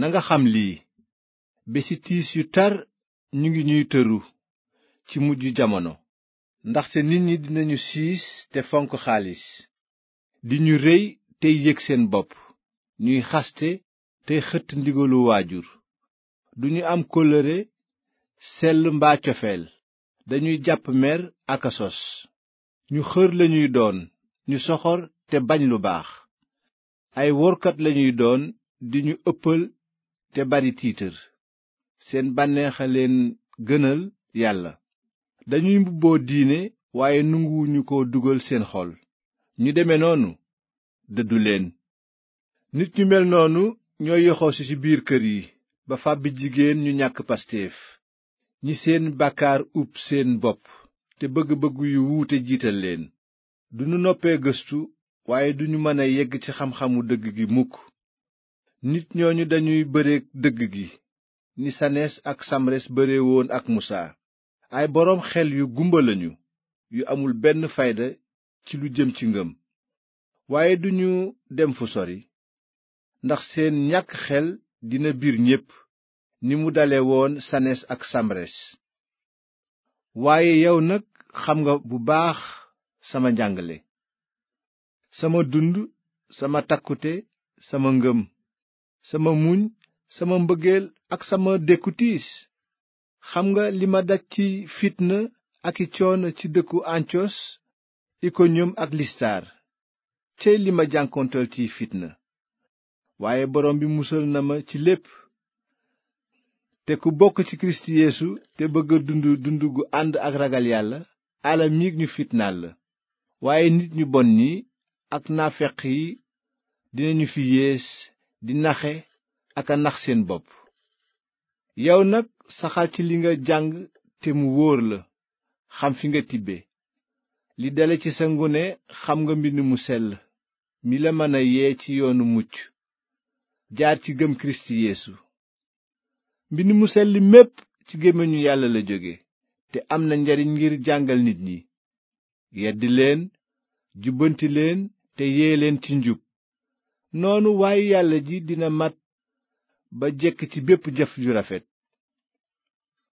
nanga xam lii bési tiis yu tar ñu ngi ñuy tëru ci mujj jamono ndaxte nit ñi dinañu siis te fonk xaalis di ñu rëy tey yëg seen bopp ñuy xaste tey xëtt ndigalu waajur duñu am kóllëre sell mbaa cofeel dañuy jàpp mer ak ñu xër lañuy doon ñu soxor te bañ lu baax ay workat lañuy doon di ñu ëppal te bari tiitër seen bànneexa leen gënal yàlla dañuy mbubboo diine waaye nanguwuñu ko dugal seen xol ñu deme noonu dëddu leen nit ñu mel noonu ñooy yoxoosi ci biir kër yi ba fàbbi jigéen ñu ñàkk pasteef ñi seen bàkkaar ub seen bopp te bëgg-bëgg yu wuute jiital leen duñu noppee gëstu waaye duñu mën a yegg ci xam-xamu dëgg gi mukk nit ñooñu dañuy bëreek dëgg gi ni sanees ak samres bëree woon ak musaa ay boroom xel yu gumba lañu yu amul benn fayda ci lu jëm ci ngëm waaye duñu dem fu sori ndax seen ñàkk xel dina biir ñépp ni mu dale woon sanees ak samres waaye yow nag xam nga bu baax sama njàngale sama dund sama takkute sama ngëm sama muñ sama mbëggeel ak sama dékku tiis xam nga li ma daj ci fitna ak i coono ci dëkku antiyos ikoniyom ak listar cey li ma jànkonteel ci fitna waaye borom bi musal na ma ci lépp te ku bokk ci kirist yeesu te bëgg dund dund gu ànd ak ragal yàlla alam ñi ñu fitnaal la waaye nit ñu bon ñi ak naafeq yi dinañu fi yées di naxe ak a nax seen bopp yow nag saxal ci li nga jàng te mu wóor la xam fi nga tibbe li dale ci sa ngune xam nga mbind mu sell mi la mën a yee ci yoonu mucc jaar ci gëm kirist yeesu mbind mu sell mépp ci gémmiñu yàlla la jóge te am na njariñ ngir jàngal nit ñi yedd leen jubbanti leen te yee leen ci njub noonu waayu yàlla ji dina mat ba jekk ci bépp jaf ju rafet